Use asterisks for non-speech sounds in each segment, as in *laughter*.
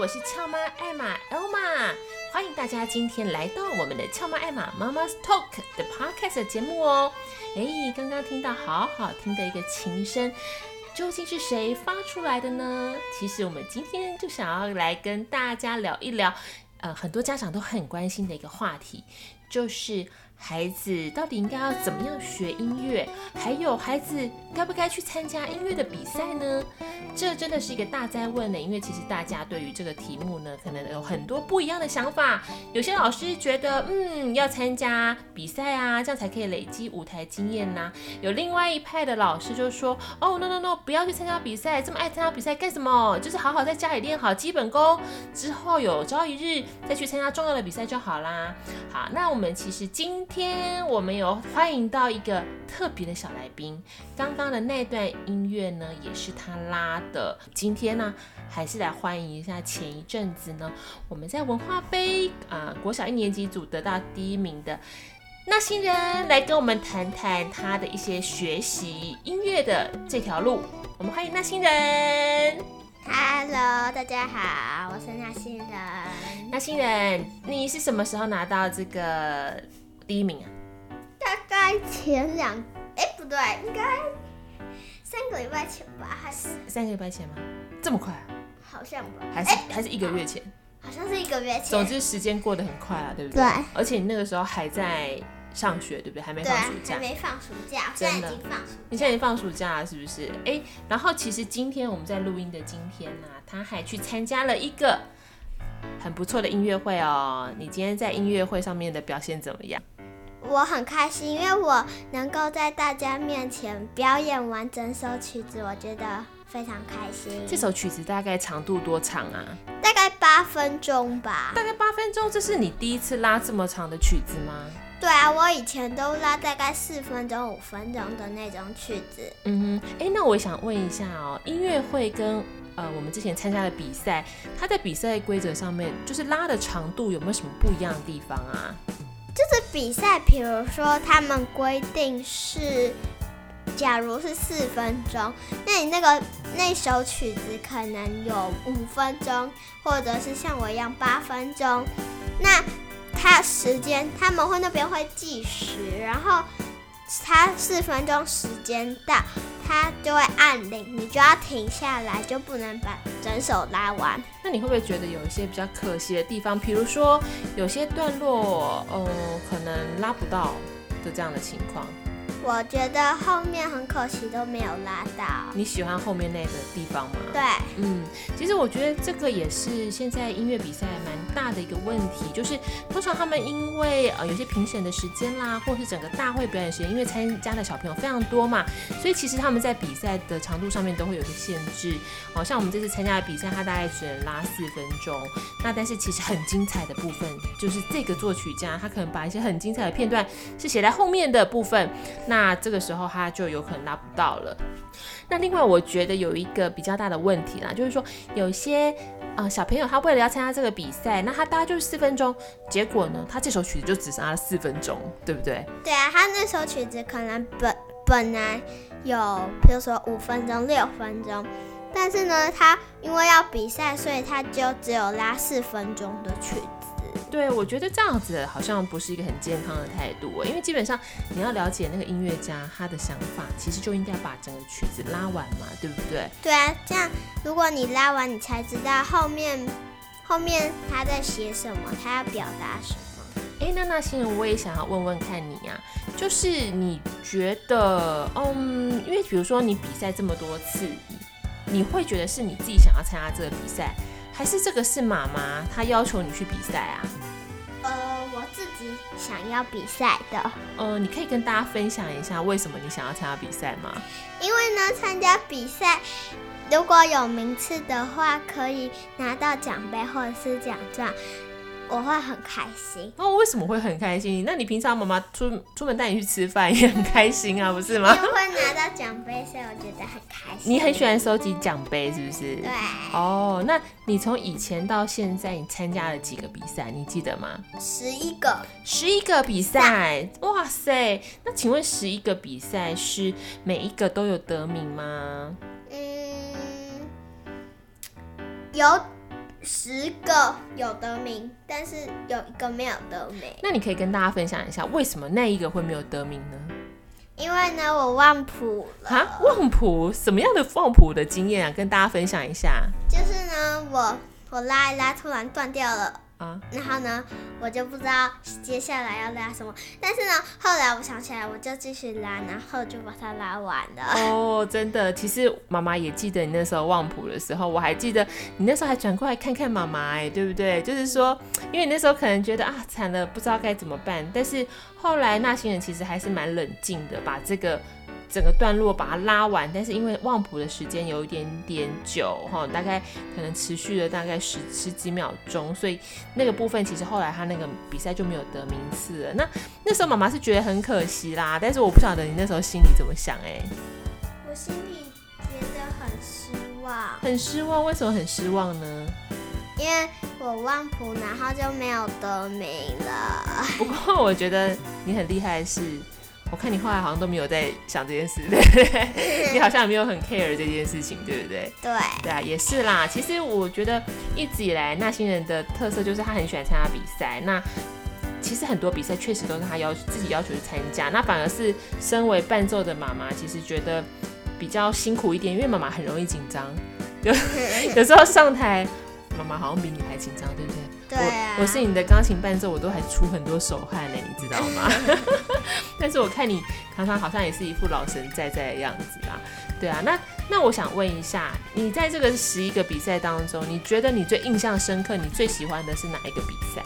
我是俏媽艾瑪，艾瑪 Elma，歡迎大家今天來到我們的俏媽艾瑪媽媽 's Talk 的 Podcast 的節目哦。哎，剛剛聽到好好聽的一個琴聲，究竟是誰發出來的呢？其實我們今天就想要來跟大家聊一聊，呃，很多家長都很關心的一個話題。就是孩子到底應該要怎麼樣學音樂？還有孩子該不該去參加音樂的比賽呢？這真的是一個大哉問呢。因為其實大家對於這個題目呢，可能有很多不一樣的想法。有些老師覺得，嗯，要參加比賽啊，這樣才可以累積舞台經驗吶、啊。有另外一派的老師就說，哦，no no no，不要去參加比賽，這麼愛參加比賽幹什麼？就是好好在家裡練好基本功，之後有朝一日再去參加重要的比賽就好啦。好，那我。我們其實，今天我們有歡迎到一個特別的小來賓，剛剛的那段音樂呢也是他拉的。今天呢還是來歡迎一下前一陣子呢我們在文化盃啊，呃，國小一年級組得到第一名的 NA 星人，來跟我們談談他的一些學習音樂的這條路。我們歡迎 NA 星人。Hello，大家好，我是 NA 星人。NA 星人，你是什麼時候拿到這個第一名啊？大概前兩，哎、欸，不對，應該三個禮拜前吧，還是三個禮拜前嗎？這麼快啊？好像吧，還是、欸、還是一個月前，好像是一個月前。總之，時間過得很快啊，對不對？對。而且你那個時候還在。嗯上學對不對？還沒放暑假，沒放暑假，現在已經放暑假了。你現在已經放暑假了，是不是？哎、欸，然後其實今天我們在錄音的今天呢、啊，他還去參加了一個很不錯的音樂會哦、喔。你今天在音樂會上面的表現怎麼樣？我很開心，因為我能夠在大家面前表演完整首曲子，我覺得非常開心。這首曲子大概長度多長啊？大概八分鐘吧。大概八分鐘，這是你第一次拉這麼長的曲子嗎？對啊，我以前都拉大概四分鐘、五分鐘的那種曲子。嗯哼，哎，那我想問一下哦，音樂會跟呃我們之前參加的比賽，它在比賽規則上面，就是拉的長度有沒有什麼不一樣的地方啊？就是比賽，比如說他們規定是，假如是四分鐘，那你那個那首曲子可能有五分鐘，或者是像我一樣八分鐘，那。他時間他們會那邊會計時，然後他四分鐘時間到，他就會按鈴，你就要停下來，就不能把整首拉完。那你會不會覺得有一些比較可惜的地方？比如說有些段落，嗯、哦，可能拉不到的這樣的情況。我覺得後面很可惜都沒有拉到。你喜歡後面那個地方嗎？對，嗯,其實我覺得這個也是現在音樂比賽蠻大的一個問題，就是通常他們因為呃有些評審的時間啦，或是整個大會表演時間，因為參加的小朋友非常多嘛，所以其實他們在比賽的長度上面都會有些限制。哦，像我們這次參加的比賽，它大概只能拉四分鐘。那但是其實很精彩的部分，就是這個作曲家他可能把一些很精彩的片段是寫在後面的部分，那。那這個時候他就有可能拉不到了。那另外我覺得有一個比較大的問題啦，就是說有些啊、呃、小朋友他為了要參加這個比賽，那他大概就是四分鐘，結果呢，他這首曲子就只剩下了四分鐘，對不對？對啊，他那首曲子可能本本來有，比如說五分鐘、六分鐘，但是呢，他因為要比賽，所以他就只有拉四分鐘的曲。對，我覺得這樣子好像不是一個很健康的態度，因為基本上你要了解那個音樂家他的想法，其實就應該把整個曲子拉完嘛，對不對？對啊，這樣如果你拉完，你才知道後面後面他在寫什麼，他要表?達什麼。哎，NA 星人，我也想要問問看你啊，就是你覺得，嗯，因為比如說你比賽這麼多次，你會覺得是你自己想要參加這個比賽？還是這個是媽媽，她要求你去比賽啊？呃，我自己想要比賽的。呃，你可以跟大家分享一下為什麼你想要參加比賽嗎？因為呢，參加比賽如果有名次的話，可以拿到獎杯或者是獎狀。我會很開心。那、哦、為什麼會很開心？那你平常媽媽出出門帶你去吃飯也很開心啊，不是嗎？因為拿到獎杯，所以我覺得很開心。你很喜歡收集獎杯，是不是？對。哦，那你從以前到現在，你參加了幾個比賽？你記得嗎？十一個。十一個比賽，比賽，哇塞！那請問十一個比賽是每一個都有得名嗎？嗯，有。十個有得名，但是有一個沒有得名。那你可以跟大家分享一下，為什麼那一個會沒有得名呢？因為呢，我忘譜了。啊？忘譜？什麼樣的忘譜的經驗啊？跟大家分享一下。就是呢，我我拉一拉，突然斷掉了。啊，然後呢，我就不知道接下來要拉什麼，但是呢，後來我想起來，我就繼續拉，然後就把它拉完了。哦，真的，其實媽媽也記得你那時候忘譜的時候，我還記得你那時候還轉過來看看媽媽，哎，對不對？就是說，因為你那時候可能覺得啊，慘了，不知道該怎麼辦，但是後來 NA 星人其實還是蠻冷靜的，把這個。整個段落把它拉完，但是因為忘譜的時間有一點點久哈，大概可能持續了大概十十幾秒鐘，所以那個部分其實後來他那個比賽就沒有得名次了。那那時候媽媽是覺得很可惜啦，但是我不曉得你那時候心裡怎麼想哎、欸。我心裡覺得很失望，很失望。為什麼很失望呢？因為我忘譜，然後就沒有得名了。不過我覺得你很厲害的是。我看你後來好像都沒有在想這件事，你好像也沒有很 care 這件事情，對不對？對，對啊，也是啦。其實我覺得一直以來，NA 星人的特色就是他很喜歡參加比賽。那其實很多比賽確實都是他要自己要求去參加。那反而是身為伴奏的媽媽，其實覺得比較辛苦一點，因為媽媽很容易緊張，有有時候上台。媽媽好像比你還緊張，對不對？對啊。我，我是你的鋼琴伴奏，我都還出很多手汗呢，你知道嗎？ *laughs* *laughs* 但是我看你，剛剛好像也是一副老神在在的樣子啊。對啊，那那我想問一下，你在這個十一個比賽當中，你覺得你最印象深刻、你最喜歡的是哪一個比賽？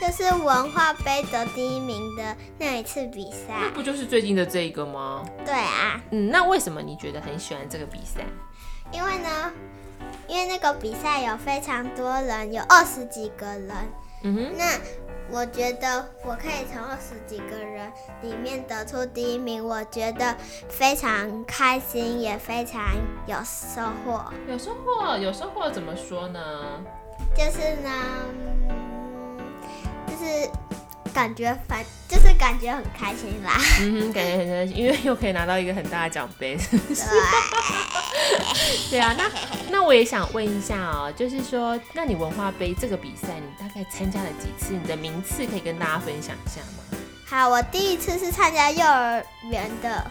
就是文化盃的第一名的那一次比賽。那不就是最近的這一個嗎？對啊。嗯，那為什麼你覺得很喜歡這個比賽？因為呢。因為那個比賽有非常多人，有二十幾個人。嗯，那我覺得我可以從二十幾個人裡面得出第一名，我覺得非常開心，也非常有收穫。有收穫，有收穫怎麼說呢？就是呢，就是感覺反，就是感覺很開心啦。嗯，感覺很開心， *laughs* 因為又可以拿到一個很大的獎盃。對， *laughs* 對啊，那。那我也想問一下哦、喔，就是說，那你文化杯這個比賽，你大概參加了幾次？你的名次可以跟大家分享一下嗎？好，我第一次是參加幼兒園的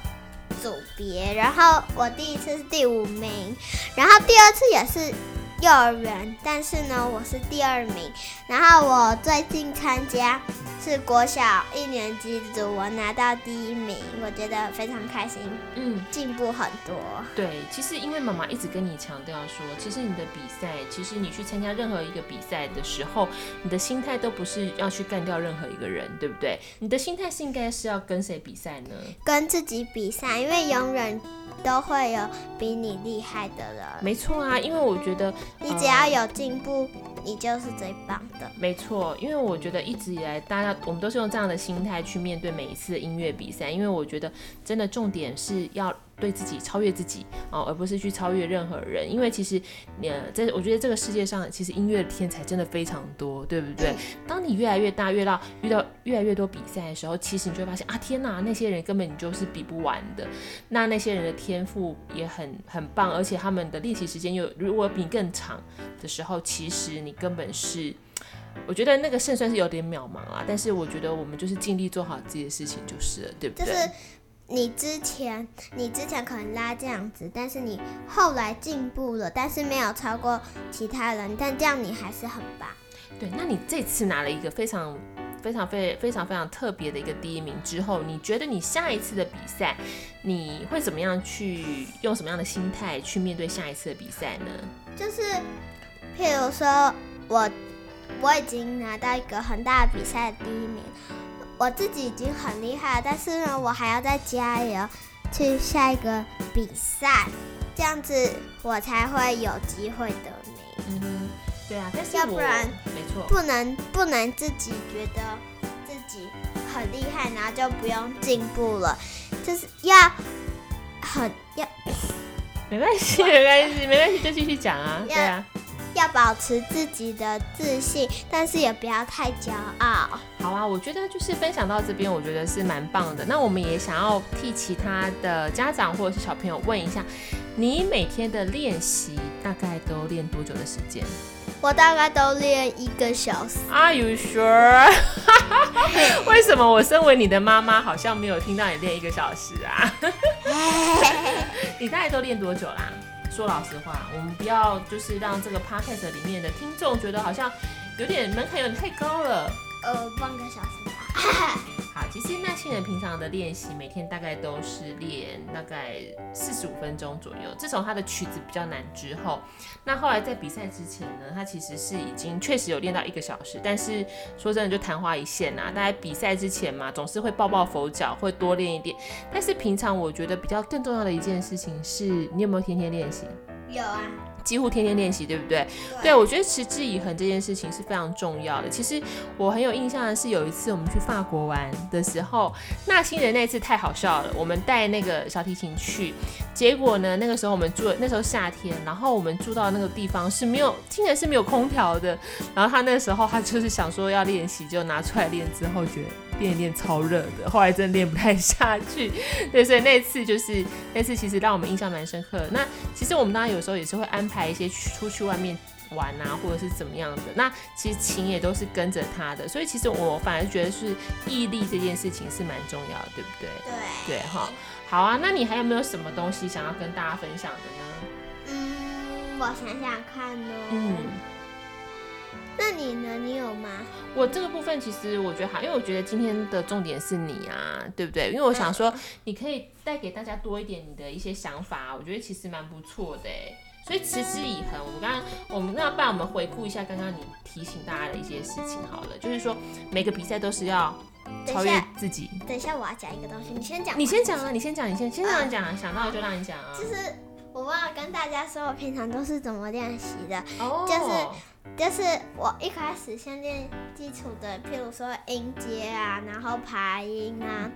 組別，然後我第一次是第五名，然後第二次也是幼兒園，但是呢，我是第二名，然後我最近參加。是國小一年級組，我拿到第一名，我覺得非常開心。嗯，進步很多。對，其實因為媽媽一直跟你強調說，其實你的比賽，其實你去參加任何一個比賽的時候，你的心態都不是要去幹掉任何一個人，對不對？你的心態是應該是要跟誰比賽呢？跟自己比賽，因為永遠都會有比你厲害的人。沒錯啊，因為我覺得，呃，你只要有進步。你就是最棒的，沒錯。因為我覺得一直以來，大家我們都是用這樣的心態去面對每一次的音樂比賽。因為我覺得，真的重點是要。對自己超越自己啊、哦，而不是去超越任何人。因為其實，你、啊、在我覺得這個世界上其實音樂的天才真的非常多，對不對？當你越來越大，越到遇到越來越多比賽的時候，其實你就會發現啊，天哪，那些人根本你就是比不完的。那那些人的天賦也很很棒，而且他們的練習時間又如果比你更長的時候，其實你根本是，我覺得那個勝算是有點渺茫啦。但是我覺得我們就是盡力做好自己的事情就是了，對不對？你之前，你之前可能拉這樣子，但是你後來進步了，但是沒有超過其他人，但這樣你還是很棒。對，那你這次拿了一個非常、非常、非、非常、非常特別的一個第一名之後，你覺得你下一次的比賽，你會怎麼樣去用什麼樣的心態去面對下一次的比賽呢？就是，譬如說我我已經拿到一個很大的比賽的第一名。我自己已經很厲害了，但是呢，我還要再加油，去下一個比賽，這樣子我才會有機會得名。嗯，對啊，但是，要不然，沒錯，不能不能自己覺得自己很厲害，然後就不用進步了，就是要很，要，沒。沒關係，沒關係，沒關係，就繼續講啊，要，對啊。要保持自己的自信，但是也不要太驕傲。好啊，我覺得就是分享到這邊，我覺得是蠻棒的。那我們也想要替其他的家長或者是小朋友問一下，你每天的練習大概都練多久的時間？我大概都練一個小時。Are you sure？ *laughs* 為什麼我身為你的媽媽，好像沒有聽到你練一個小時啊？ *laughs* 你大概都練多久啦？說老實話，我們不要就是讓這個 podcast 裡面的聽眾覺得好像有點門檻有點太高了。呃，半個小時吧。 *laughs* 其實 NA 星人平常的練習，每天大概都是練大概四十五分鐘左右。自從他的曲子比較難之後，那後來在比賽之前呢，他其實是已經確實有練到一個小時。但是說真的，就曇花一現啊！大家比賽之前嘛，總是會抱抱佛腳，會多練一點。但是平常我覺得比較更重要的一件事情是，你有沒有天天練習？有啊。幾乎天天練習，對不對？對，我覺得持之以恆這件事情是非常重要的。其實我很有印象的是，有一次我們去法國玩的時候，NA 星人那次太好笑了。我們帶那個小提琴去，結果呢，那個時候我們住的，那時候夏天，然後我們住到那個地方是沒有，竟然是沒有空調的。然後他那時候他就是想說要練習，就拿出來練，之後覺得……練一練超熱的，後來真的練不太下去，對，所以那次就是，那次其實讓我們印象蠻深刻的。那其實我們當然有時候也是會安排一些出去外面玩啊，或者是怎麼樣的。那其實琴也都是跟着他的，所以其實我反而覺得是毅力這件事情是蠻重要的，對不對？對，對哈。好啊，那你還有沒有什麼東西想要跟大家分享的呢？嗯，我想想看呢、喔。嗯。那你呢？你有嗎？我這個部分其實我覺得好，因為我覺得今天的重點是你啊，對不對？因為我想說，你可以帶給大家多一點你的一些想法，我覺得其實蠻不錯的哎。所以持之以恆。我們剛剛，我們那不然我們回顧一下剛剛你提醒大家的一些事情好了，就是說每個比賽都是要超越自己。等一下，等一下我要講一個東西，你先講。你先講啊，你先講，你先先講講、嗯，想到就讓你講啊。其實。我忘了跟大家說，我平常都是怎麼練習的，oh. 就是就是我一開始先練基礎的，譬如說音階啊，然後琶音啊，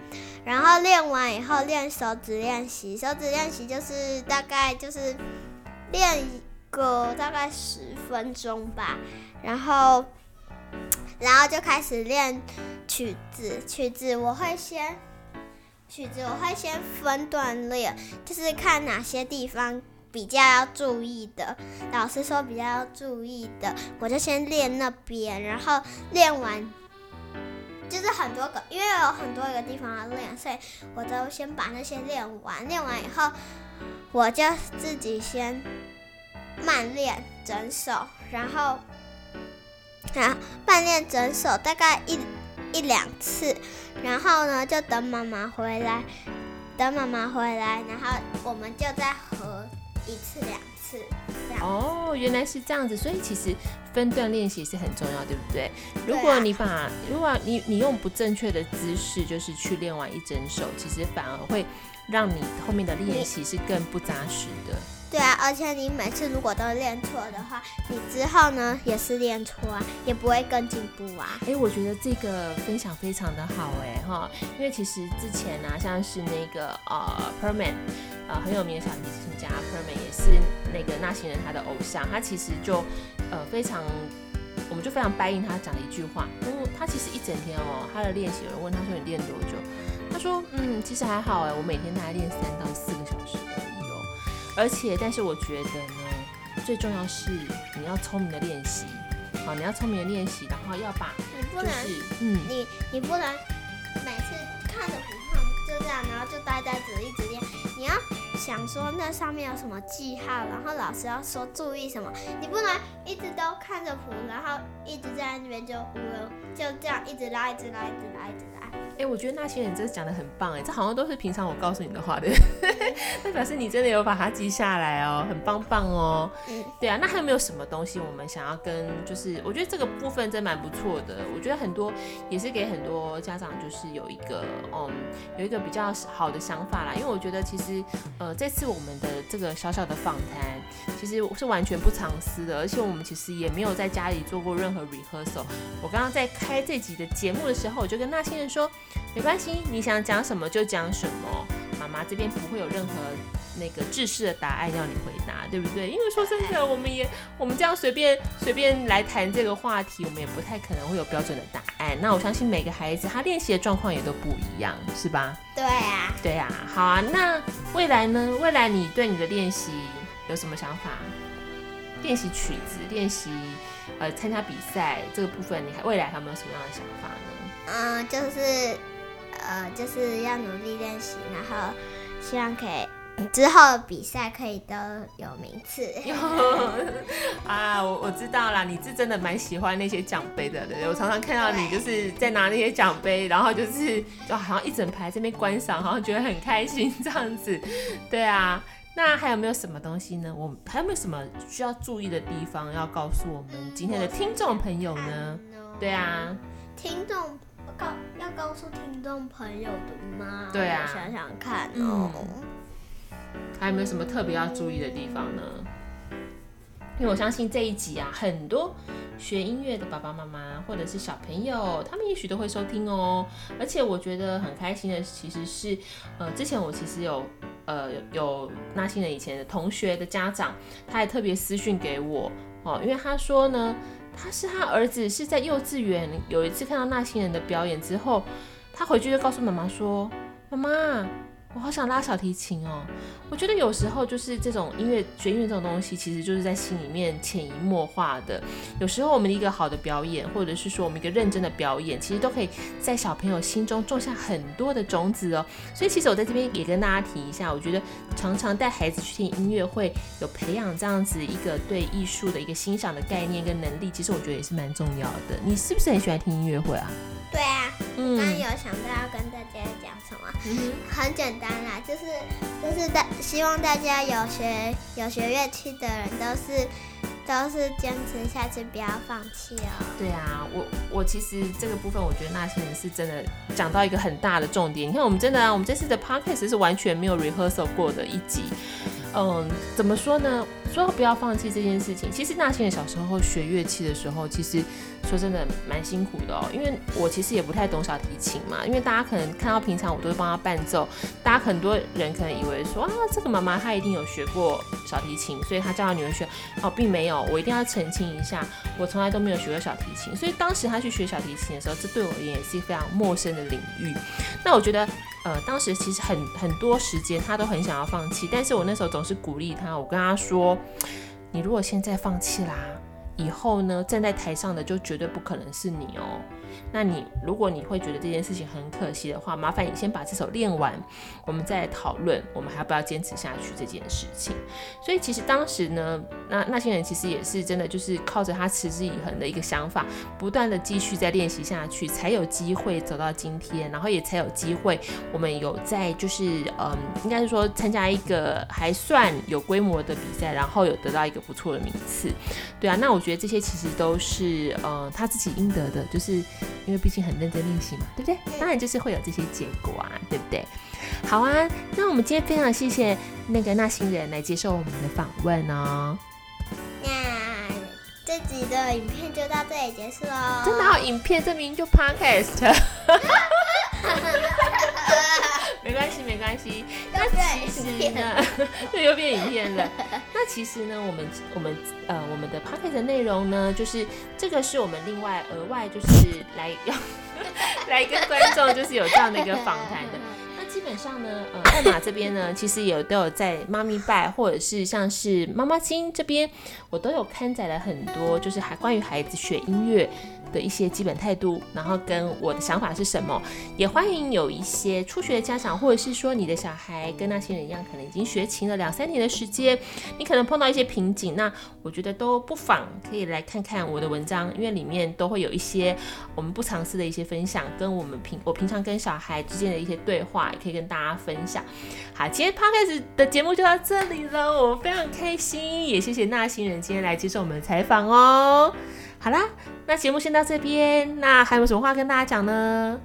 然後練完以後練手指練習，手指練習就是大概就是練一個大概十分鐘吧，然後然後就開始練曲子，曲子我會先。曲子我會先分段練，就是看哪些地方比較要注意的。老師說比較要注意的，我就先練那邊。然後練完，就是很多個，因為有很多一個地方要練，所以我都先把那些練完。練完以後，我就自己先慢練整首，然後，然後慢練整首，大概一。一兩次，然後呢，就等媽媽回來，等媽媽回來，然後我們就再合一次、兩次這樣。哦，原來是這樣子，所以其實分段練習是很重要，對不對？如果你把、啊、如果你你用不正確的姿勢，就是去練完一整首，其實反而會讓你後面的練習是更不紮實的。對啊，而且你每次如果都練錯的話，你之後呢，也是練錯啊，也不會更進步啊。哎、欸，我覺得這個分享非常的好哎哈，因為其實之前呢、啊，像是那個呃，Perlman，呃很有名的小提琴家，Perlman 也是那個 NA 星人他的偶像，他其實就呃非常，我們就非常掰應他講了一句話，因、嗯、他其實一整天哦，他的練習，有人問他說，你練多久，他說嗯，其實還好哎，我每天大概練三到四個小時。而且，但是我覺得呢，最重要是你要聰明的練習，好，你要聰明的練習，然後要把、就是，你不能，嗯，你你不能每次看着譜就這樣，然後就呆呆子一直練，你要想說那上面有什麼記號，然後老師要說注意什麼，你不能一直都看着譜，然後一直在那邊就嗚，就這樣一直拉一直拉一直拉一直拉。哎、欸，我覺得 NA 星人真的講得很棒、欸，哎，這好像都是平常我告訴你的話的。 *laughs* 那表示你真的有把它記下來哦，很棒棒哦。嗯，對啊，那還有沒有什麼東西我們想要跟？就是我覺得這個部分真蠻不錯的。我覺得很多也是給很多家長，就是有一個嗯，有一個比較好的想法啦。因為我覺得其實呃，這次我們的這個小小的訪談其實我是完全不藏私的，而且我們其實也沒有在家裡做過任何 rehearsal。我剛剛在開這集的節目的時候，我就跟 NA 星人說，沒關係，你想講什麼就講什麼。媽媽這邊不會有任何那個制式的答案要你回答，對不對？因為說真的，我們也我們這樣隨便隨便來談這個話題，我們也不太可能會有標準的答案。那我相信每個孩子他練習的狀況也都不一樣，是吧？對啊，對啊，好啊。那未來呢？未來你對你的練習有什麼想法？練習曲子，練習呃參加比賽這個部分你還，你未來還有沒有什麼樣的想法呢？嗯、呃，就是。呃，就是要努力練習，然後希望可以之後比賽可以都有名次。哦、啊，我我知道啦，你是真的蠻喜歡那些獎杯的，對、嗯、我常常看到你就是在拿那些獎杯，然後就是就好像一整排在這邊觀賞，好像覺得很開心這樣子。對啊，那還有沒有什麼東西呢？我還有沒有什麼需要注意的地方要告訴我們今天的聽眾朋友呢？對啊。告訴聽眾朋友的嗎？對啊，想想看哦，嗯、還有沒有什麼特別要注意的地方呢，嗯？因為我相信這一集啊，很多學音樂的爸爸媽媽或者是小朋友，他們也許都會收聽哦。而且我覺得很開心的，其實是呃，之前我其實有呃有 NA 星人以前的同學的家長，他也特別私訊給我哦，因為他說呢。他是他兒子，是在幼稚園有一次看到 NA 星人的表演之後，他回去就告訴媽媽說：“媽媽。”我好想拉小提琴哦！我覺得有時候就是這種音樂，學音樂這種東西，其實就是在心裡面潛移默化的。有時候我們的一個好的表演，或者是說我們一個認真的表演，其實都可以在小朋友心中種下很多的種子哦。所以其實我在這邊也跟大家提一下，我覺得常常帶孩子去聽音樂會，有培養這樣子一個對藝術的一個欣賞的概念跟能力，其實我覺得也是蠻重要的。你是不是很喜歡聽音樂會啊？對啊，嗯，當然有想到要跟大家講什麼，嗯，很簡單。啦、就是，就是就是大，希望大家有學有學樂器的人都是都是堅持下去，不要放棄哦。對啊，我我其實這個部分，我覺得 NA 星人是真的講到一個很大的重點。你看，我們真的、啊，我們這次的 podcast 是完全沒有 rehearsal 過的一集。嗯，怎麼說呢？說不要放棄這件事情。其實 NA 星人小時候學樂器的時候，其實說真的蠻辛苦的哦、喔。因為我其實也不太懂小提琴嘛，因為大家可能看到平常我都會幫他伴奏，大家很多人可能以為說啊，這個媽媽她一定有學過小提琴，所以她叫她女兒學。哦，並沒有，我一定要澄清一下，我從來都沒有學過小提琴。所以當時她去學小提琴的時候，這對我也是非常陌生的領域。那我覺得。呃，當時其實很很多時間，他都很想要放棄，但是我那時候總是鼓勵他，我跟他說，你如果現在放棄啦，以後呢，站在台上的就絕對不可能是你哦。那你如果你會覺得這件事情很可惜的話，麻煩你先把這首練完，我們再討論，我們還要不要堅持下去這件事情。所以其實當時呢，那 NA 星人其實也是真的，就是靠着他持之以恆的一個想法，不斷的繼續在練習下去，才有機會走到今天，然後也才有機會，我們有在就是嗯，應該是說參加一個還算有規模的比賽，然後有得到一個不錯的名次。對啊，那我覺得這些其實都是嗯，他自己應得的，就是。因為畢竟很認真練習嘛，對不對？當然就是會有這些結果啊，對不對？好啊，那我們今天非常謝謝那個 NA 星人來接受我們的訪問哦。那這集的影片就到這裡結束嘍。真的，好影片這明明就 podcast。 *laughs* 沒關係，沒關係。那其實呢，就變 *laughs* 就又變影片了。那其實呢，我們我們呃，我們的 podcast 內容呢，就是這個是我們另外額外就是來要 *laughs* 來跟觀眾就是有這樣的一個訪談的。基本上呢，呃，艾瑪這邊呢，其實也都有在媽咪拜，或者是像是媽媽經這邊，我都有刊載了很多，就是還關於孩子學音樂的一些基本態度，然後跟我的想法是什麼，也歡迎有一些初學的家長，或者是說你的小孩跟 NA 星人一樣，可能已經學琴了兩三年的時間，你可能碰到一些瓶頸，那我覺得都不妨可以來看看我的文章，因為裡面都會有一些我們不嘗試的一些分享，跟我們平我平常跟小孩之間的一些對話，也可以。跟大家分享，好，今天 podcast 的節目就到這裡了，我非常開心，也謝謝 NA 星人今天來接受我們的採訪哦。好啦，那節目先到這邊，那還有什麼話跟大家講呢？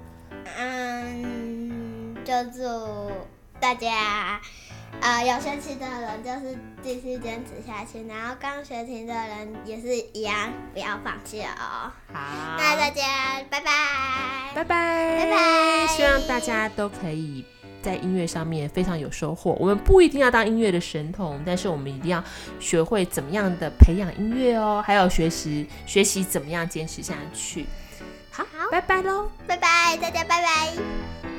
嗯，就祝大家，呃，學琴的人就是繼續堅持下去，然後剛學琴的人也是一樣，不要放棄哦、喔。好，那大家拜拜，拜拜，拜拜，希望大家都可以。在音樂上面非常有收穫。我們不一定要當音樂的神童，但是我們一定要學會怎麼樣的培養音樂哦，還有學習學習怎麼樣堅持下去。好好，拜拜嘍，拜拜大家，拜拜。